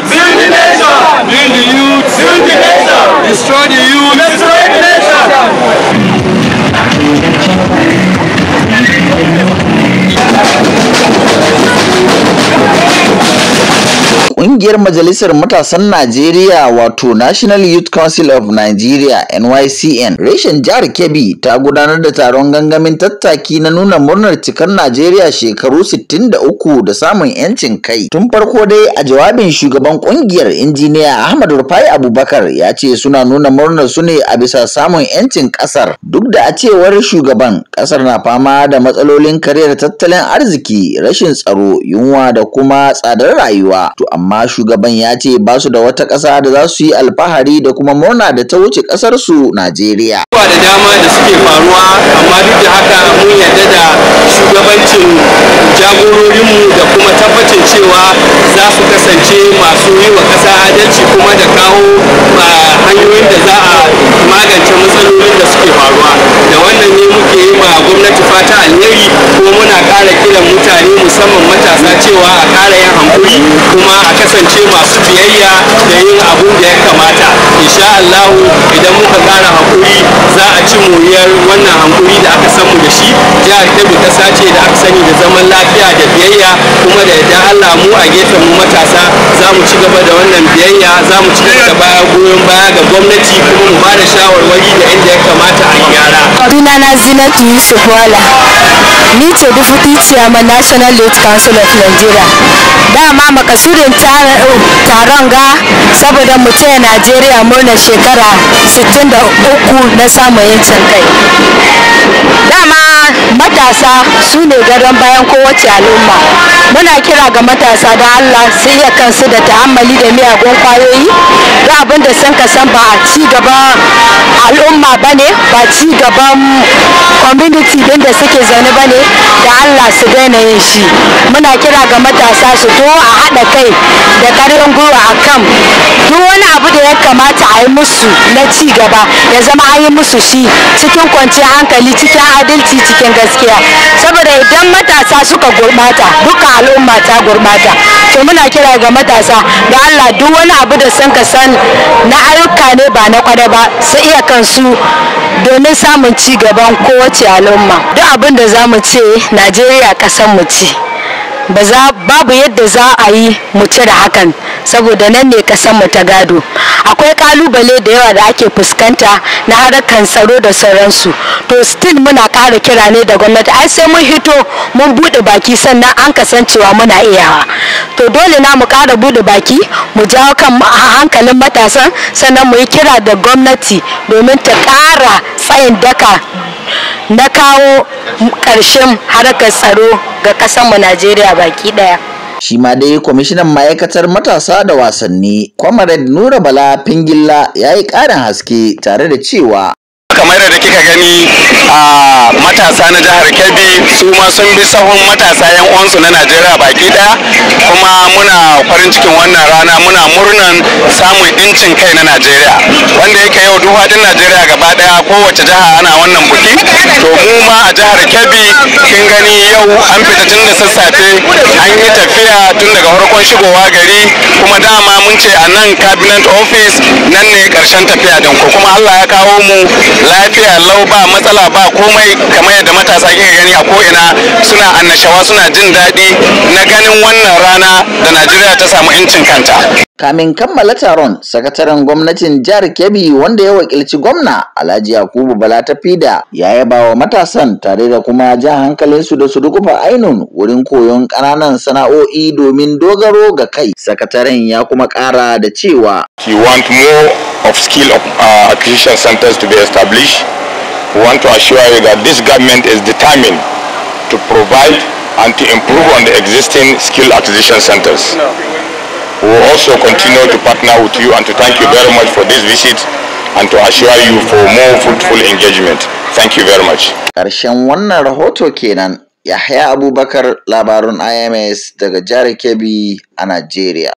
youth. Build the nation. Build the youth. Build the nation. Destroy the youth. Destroy the nation. Ƙungiyar Majalisar Matasan Najeriya wato National Youth Council of Nigeria NYCN reshen jihar Kebbi ta gudanar da taron gangamin tattaki na nuna murnar cikar Najeriya shekaru 63 da samun 'yancin kai. Tun farko dai a jawabin shugaban ƙungiyar injiniya Ahmad Rufai Abubakar ya ce suna nuna murnar su ne a bisa samun 'yancin ƙasar. Duk da a cewar shugaban ƙasar na fama da matsalolin kariyar tattalin arziki, rashin tsaro, yunwa da kuma tsadar rayuwa. To amma amma shugaban ya ce ba su da wata ƙasa da za su yi alfahari da kuma murna da ta wuce ƙasarsu su Najeriya. Ba da dama da suke faruwa amma duk da haka mun yarda da shugabancin jagororinmu da kuma tabbacin cewa za su kasance masu yi wa ƙasa adalci kuma da kawo hanyoyin da za a magance matsalolin da suke faruwa da wannan ne muke yi ma gwamnati fata alheri kuma muna ƙara kiran mutane musamman matasa cewa a ƙara yin hankuri kuma a kasance masu biyayya da yin abun da ya kamata insha Allah idan muka kara hakuri za a ci muyar wannan hankuri da aka samu da shi jihar Kebbi kasa ce da aka sani da zaman lafiya da biyayya kuma da yadda Allah mu a gefen mu matasa za mu ci gaba da wannan biyayya za mu ci gaba da baya goyon baya ga gwamnati kuma mu ba da shawarwari da inda ya kamata a gyara. Sunana Zinatu Yusuf Wala. ni ce deputy chairman national youth council of nigeria dama makasudin taron ga saboda mutu a nigeria murnar shekara 63 na samun yancin kai dama matasa su ne gadon bayan kowace al'umma muna kira ga matasa da allah su iya kansu da ta'ammali da miyagun kwayoyi da abin da sun ka san ba a ci gaba jama'a ba ba ci gaban community din da suke zaune bane da allah su daina yin shi muna kira ga matasa su to a haɗa kai da ƙarfin gwiwa a kan duk wani abu da ya kamata a yi musu na ci gaba ya zama a yi musu shi cikin kwanciyar hankali cikin adalci cikin gaskiya saboda idan matasa suka gurɓata duka al'umma ta gurɓata to muna kira ga matasa da allah duk wani abu da sun ka san na ayyuka ne ba na kwada ba su iya kansu domin samun ci gaban kowace al'umma duk abin da za mu ce najeriya kasan mu ci, babu yadda za a yi mu cire hakan saboda nan ne kasan mu ta gado akwai kalubale da yawa da ake fuskanta na harkar tsaro da sauransu to still muna kara kira ne da gwamnati ai sai mun hito mun buɗe baki sannan an kasancewa muna iyawa to dole na mu ƙara bude baki mu jawo kan hankalin matasan sannan mu yi kira da gwamnati domin ta ƙara tsayin daka na kawo ƙarshen harkar tsaro ga ƙasarmu najeriya baki ɗaya shi ma dai kwamishinan ma'aikatar matasa da wasanni comrade nura bala pingilla ya yi ƙarin haske tare da cewa kamar da kika gani a matasa na jihar kebbi su ma sun bi sahun matasa yan uwansu na najeriya baki daya kuma muna farin cikin wannan rana muna murnan samun incin kai na najeriya wanda yake yau duk najeriya gaba daya kowace jiha ana wannan buki to mu ma a jihar kebbi kin gani yau an fita tun da sassafe an yi tafiya tun daga farkon shigowa gari kuma dama mun ce a nan cabinet office nan ne karshen tafiya don ko kuma allah ya kawo mu lafiya lau ba matsala ba komai kamar yadda matasa kika gani a ko'ina suna annashawa suna jin daɗi na ganin wannan rana da najeriya ta samu incin kanta kamin kammala taron sakataren gwamnatin jihar kebbi wanda ya wakilci gwamna Alhaji Yakubu Bala ta fida ya yaba wa matasan tare da kuma jan su da su dukufa ainun wurin koyon ƙananan sana'o'i domin dogaro ga kai. Sakataren ya kuma ƙara da cewa. We want more of skill of, uh, acquisition centers to be established. We want to assure you that this government is determined to provide and to improve on the existing skill acquisition centers. We will also continue to partner with you and to thank you very much for this visit and to assure you for more fruitful engagement. Thank you very much. Karshen wannan rahoto kenan Yahya Abubakar labarun IMS daga jihar Kebbi a Najeriya.